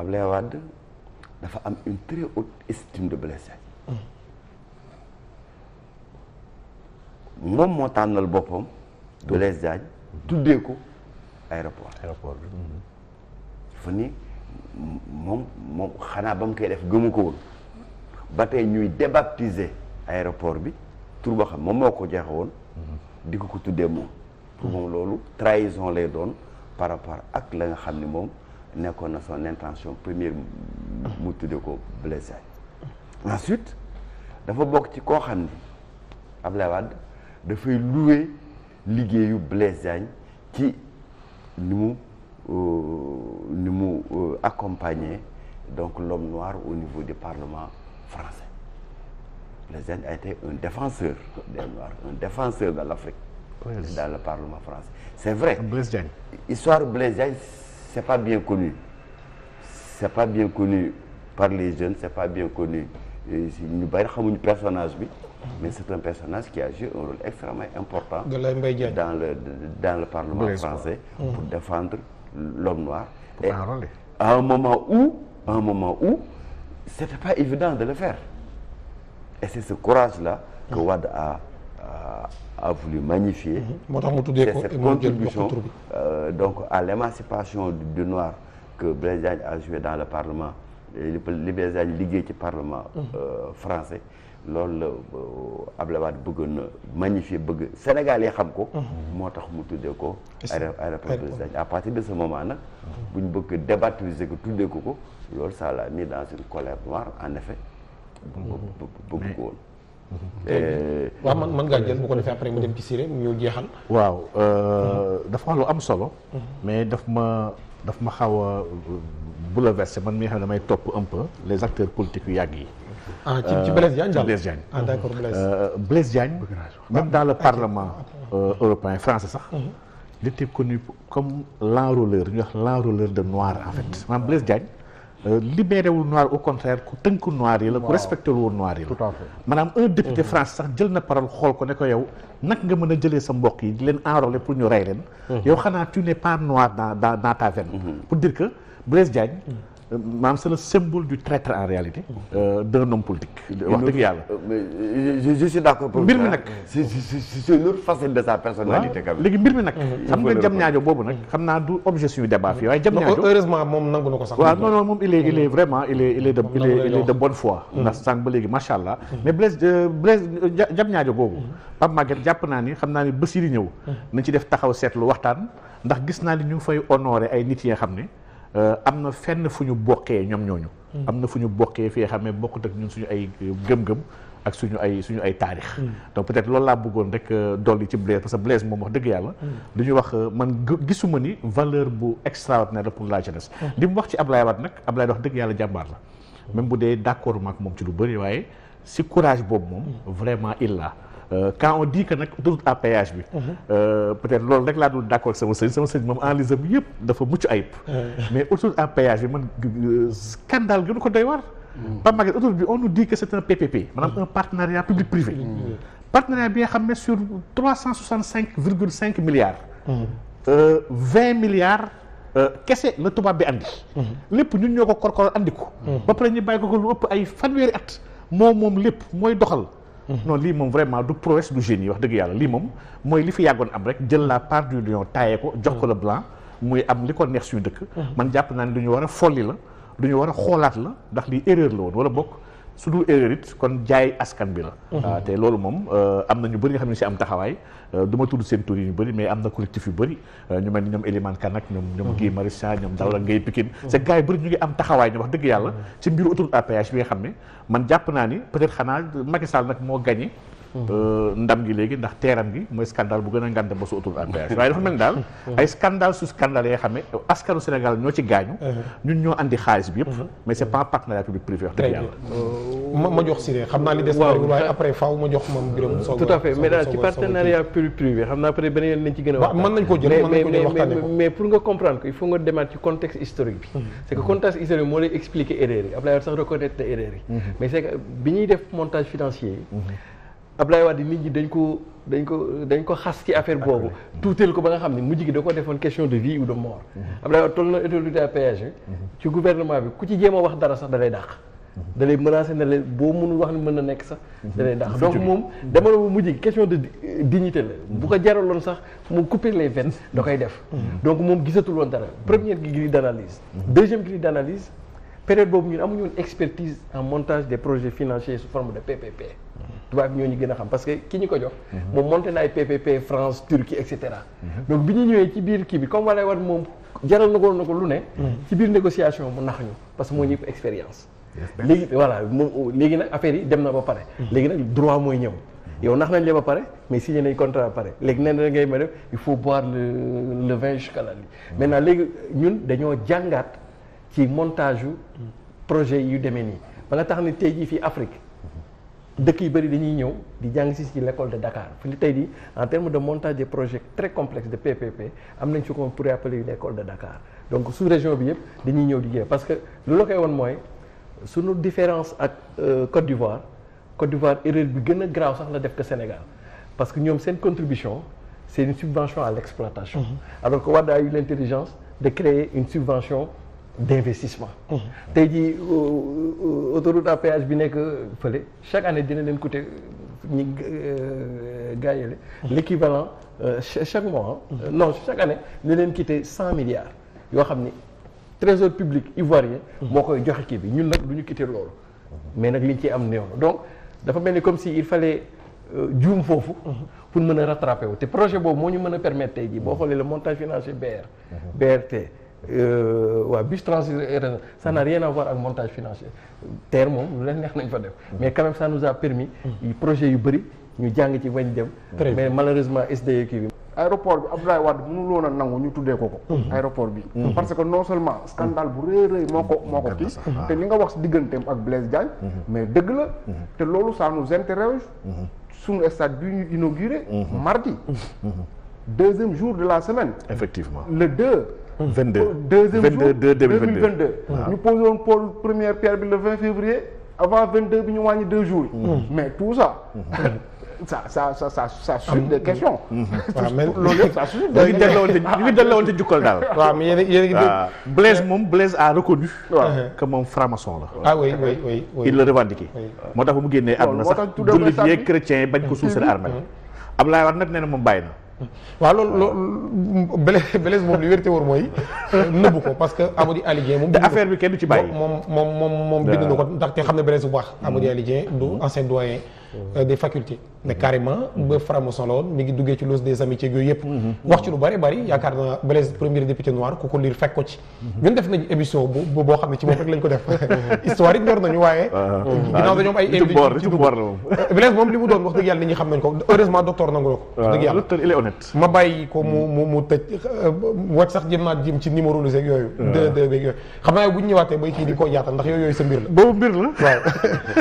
Ablaye Wade dafa am une très haute estime de blessé moom moo tànnal boppam Blaise Diagne tuddee ko aéroport aéroport bi mhm. ni moom moom xanaa ba mu koy def gëmu ko woon ba tey ñuy débaptiser aéroport bi tur boo xam moom moo ko joxe woon mhm. di ko ko tuddee moom pour moom loolu trahison lay doon par rapport ak la nga xam ni moom nekkoon na son intention première mu tudde ko blessé ensuite dafa bokk ci koo xam ni Abdoulaye Wade dafay loué liggéeyu Blaise Diagne ci ni mu euh, ni mu euh, accompagner donc l'homme noir au niveau du parlement français Blaise Diagne a été un défenseur des noirs un défenseur de l'Afrique dans le parlement français c'est vrai Blaise Diagne c'est pas bien connu c'est pas bien connu par les jeunes c'est pas bien connu ñu bari xamuñu personnage bi mais c'est un personnage qui a joué un rôle extrêmement important dans le parlement français mmh. pour défendre l'homme noir et à un moment où à un moment où c'était pas évident de le faire et c'est ce courage là que mmh. Wade a Euh, a voulu magnifier. Mhm. moo tax mu tuddee ko cette contribution euh, donc à l'émancipation du noir que Blaise a joué dans le parlement li Blaise liggéey ci parlement mhm. euh, français loolu la Abdoulaye Wade bëggoon na magnifier bëgg Sénégal yi xam ko. Mhm. moo tax mu tuddee ko. aéroport Blaise Diagne partir de ce moment nag. bu ñu bëgg débaptiser ko tuddee ko ko loolu ça l'a mis dans une colère noire en effet. bëgg woon. Euh, waaw man man ngaa jël bu ko defee dem ci Siré ñu jeexal. waaw euh, mhm. dafa wax lu am solo. Mhm. mais daf ma daf ma xaw a euh, bouleversé man mi nga xam ne damay topp un peu les acteurs politiques yàgg yi. ah ci ci Blaise Diagne. Blaise Diagne ah d' accord Blaise. Blaise Diagne même ah, parlement européen français sax. Mhm. il était connu comme l' enrôleur ñu wax l' enrôleur de noir en fait Blaise Diagne. Euh, libéré wul noir au contraire ku tënk noir yi la. ku respecté wul noir yi la. tout à fait un député mhm. France sax jël na parole xool ko ne ko yow nag nga mën a jëlee sa mbokk yi di leen enrôler pour ñu rey leen. Mhm. yow xanaa tu n'es pas noir dans dans dans ta mhm. pour dire que Blaise Diagne. maanaam c'est le symbole du traître en réalité. Mm. Euh, d'un homme politique. a dëgg yàlla. Euh, euh, je je suis d'accord pour mbir mi nag c'est c'est une autre facette de sa personnalité. waaw léegi mbir mi nag. Mm-hmm. xam nga jam ñaajo boobu nag. xam naa du objet suñu débat fii waaye jam ñaajo. heureusement moom nangu na mm-hmm. ba léegi macha mm-hmm. mais Blaise Blaise jam ñaajo boobu. Pape Maguette jàpp naa ni xam naa ni bés yi di ñëw. nañ ci def taxaw seetlu waxtaan ndax gis naa ni ñu fay honoré ay nit yi xam ne Euh, am na fenn fu ñu bokkee ñoom ñooñu. Hmm. am na fu ñu bokkee fii xam ne bokkut ak ñun suñu ay gëm-gëm ak suñu ay suñu ay taarix. Hmm. donc peut-être loolu laa bëggoon rek euh, dolli ci Blaise parce que Blaise moom wax dëgg yàlla. li hmm. ñuy wax euh, man gisuma ni valeur bu extraordinaire pour la jeunesse. li mu wax ci Ablaye Wade nag Ablaye wax dëgg yàlla jàmbaar la. même bu dee d'accord maak moom ci lu bëri waaye si courage boobu moom. vraiment illa Euh, quand on dit que nag autoroute à péage bi. Uh-huh. Euh, peut-être loolu rek laa dul d'accord sama sëriñ sama sëriñ moom analyse bi yëpp dafa mucc ayib. Uh-huh. mais autoroute à péage bi man euh, scandale gënu ko doy war. Mm. Pape Maguette autoroute bi on nous dit que PPP maanaam mm. un partenariat public privé. Mm. partenariat bi nga xam ne sur trois cent soixante cinq virgule cinq milliards. vingt milliards. kese la tubaab bi andi. lépp ñun ñoo ko korkor andi ko. ba pare ñu bàyyi ko lu ëpp ay fanweeri at. moom moom lépp mooy doxal. Mhm. non lii moom vraiment du prouesse du génie wax dëgg yàlla lii moom mooy li fi yàggoon am rek jël la part du lion taayee ko jox ko le mhm. blanc muy am li ko neex suñu dëkk mhm. man jàpp naa ne lu ñu war a folli la lu ñu war a xoolaat la ndax lii erreur la woon wala bokk su dul erreur kon jaay askan bi la. Mhm. Ah, te loolu moom euh, am na ñu bëri nga xam ne si am taxawaay euh, du ma tudd seen tur yi ñu bëri mais am na collectif yu bëri euh, ñu mel ni ñoom Elimane Kanak ñoom ñoom mhm. Guy Marius Sagna ñoom Daouda mhm. Gaye Pikine c'est gars yi bëri ñu ngi am taxawaay ñu wax dëgg yàlla ci mbiru autoroute à péage bi nga xam ne man jàpp naa ni peut-être xanaa Macky Sall nag moo gagné Euh, ndam gi léegi ndax teeram gi mooy scandale bu gën a ngante ba su autoroute à waaye dafa mel ni daal ay scandale su scandale yoo xam ne Sénégal ñoo ci gaañu uh-huh. ñun ñoo andi xaalis bi yëpp uh-huh. mais euh, partenariat public privé wax mais a wax mën pour nga comprendre que il nga demaat ci contexte historique bi mm-hmm. c'est contexte historique bi moo lay expliquer erreur yi Abdoulaye sax reconnaître na yi mm-hmm. mais c'est bi ñuy def montage financier yi mm-hmm. Abdoulaye Wade nit ñi dañ ko dañ ko dañ ko xas ci affaire boobu tuuteel ko ba nga xam ne mujj gi da koo defoon question de vie ou de mort mhm. Abdoulaye Wade toll na autorité à péage mhm. ci gouvernement bi ku ci jéem a wax dara sax da lay dàq mhm. da lay menacé na leen boo mënul wax ni mën na nekk sax da lay dàq donc moom dama la bu mujj question de dignité la bu ko jaraloon sax mu couper les veines da koy def donc moom gisatul woon dara première grille d'analyse deuxième grille d'analyse période boobu ñun amuñu woon en montage des projets financiers sous forme de PPP tubaab ñoo ñu gën a xam parce que ki ñu ko jox. moom monté na ay PPP France Turquie et cetera. donc bi ñu ñëwee ci biir kii bi comme wala wat moom jaral na ko na ko lu ne. Mhm. ci biir négociation mu nax ñu parce que moo ñu expérience. léegi voilà moom léegi nag affaire yi dem na ba pare. Mhm. léegi nag droit mooy ñëw. Mhm. yow nax nañ la ba pare mais signé nañ contrat ba pare léegi nee na ngay ma def il faut boire le vingt vin jusqu'à la nuit. naa léegi ñun dañoo jàngaat ci montage yu projet yu demee nii ba tax ni tey jii fii Afrique. dëkk yu bëri dañuy ñëw di jàng si ci l'école de Dakar fi li tey di en terme de montage des projets très complexes de PPP am nañ su ko pourrait appeler une école de Dakar donc sous région bi yëpp dañuy ñëw di jéem parce que lu la koy woon mooy suñu différence ak euh, Côte d'Ivoire Côte d'Ivoire erreur bi gën a graaw sax la def que Sénégal parce que ñoom seen contribution c'est une subvention à l'exploitation mmh. alors que Wade a eu l'intelligence de créer subvention d' investissement. Mhm. tey jii euh, euh, autoroute à péage bi nekk fële chaque année dina leen coûter euh, ñi gars yi mhm. l' équivalent chaque mois. Mhm. non chaque année dina leen quitter cent milliards yoo xam ni trésor public ivoirien. moo koy joxe kii bi ñun nag du ñu quitter loolu. mais nag liñ ci am néew donc dafa mel ni comme si il fallait juum foofu. pour mën a rattraper wu te projet boobu moo ñu mën a permettre tey jii boo xoolee le montage financier BR. BRT. waa euh, bus transféré euh, ça n'a rien à voir ak montage financier terre moom lu leen neex nañ fa def mm. mais quand même ça nous a permis mm. projet yu bëri ñu jàng ci wañ dem mais malheureusement SDE kii bi aéroport bi Abdoulaye Wade mënul woon a nangu ñu tuddee ko ko mm. aéroport bi parce que non seulement scandale bu rëy rëy moo ko moo ko kii te li nga wax si digganteem ak Blaise Diagne mais dëgg la te loolu ça nous intéresse suñu stade bi ñu inauguré mardi deuxième jour de la semaine effectivement le deux 22 deuxième jour 22 2022 ñu posé woon pôle première pierre bi le 20 bi ñu wàññi deux jours yi mm. mais tout ça mm-hmm. ça ça ça ça ça suscite des mm-hmm. questions. waaw mm-hmm. mais loolu yëpp ça suscite des questions ñu ngi delloo ñu ngi delloo te jukkal daal. Ah, Blaise moom Blaise a reconnu. waaw que moom la. ah oui oui oui oui il le revendiqué. moo tax mu génnee àdduna sax jullit yeeg chrétien bañ ko suuf seen armée Abdoulaye Wade nag nee moom bàyyi na. waaw loolu lool Blaise Blaise moom li wérte wóor mooy nëbbu ko parce que Amady Ali moom. te affaire bi kenn du ci bàyyi moom moom moom moom bind na ko ndaxte xam ne Blaise bu baax. Mm. Amady Ali Dieng du ancien doyen. Euh, des facultés ne carrément mhm. ba franc-maçon la woon mi ngi duggee ci loge des amitiés yooyu yëpp mhm. wax ci lu bari bari yaakaar naa Blaise premier député noir ku ko liir fekk ko ci mhm. ñun def nañu émission boo xam ne ci moom rek ko def histoire yi ñor nañu waaye ah, ah. Ah, ginnaaw dañoo am ay invité euh, Blaise moom li mu doon wax dëgg yàlla nit ñi xam nañ ko heureusement docteur nangu na ko wax dëgg yàlla docteur il est honnête ma bàyyi ko mu mm. mu mu tëj euh, wac sax jëm naa jëm ci numéro lu seeg yooyu deux deux beeg yooyu xam naa buñ ñëwaatee bay kii di ko yaatal yooyu sa mbir la boobu mbir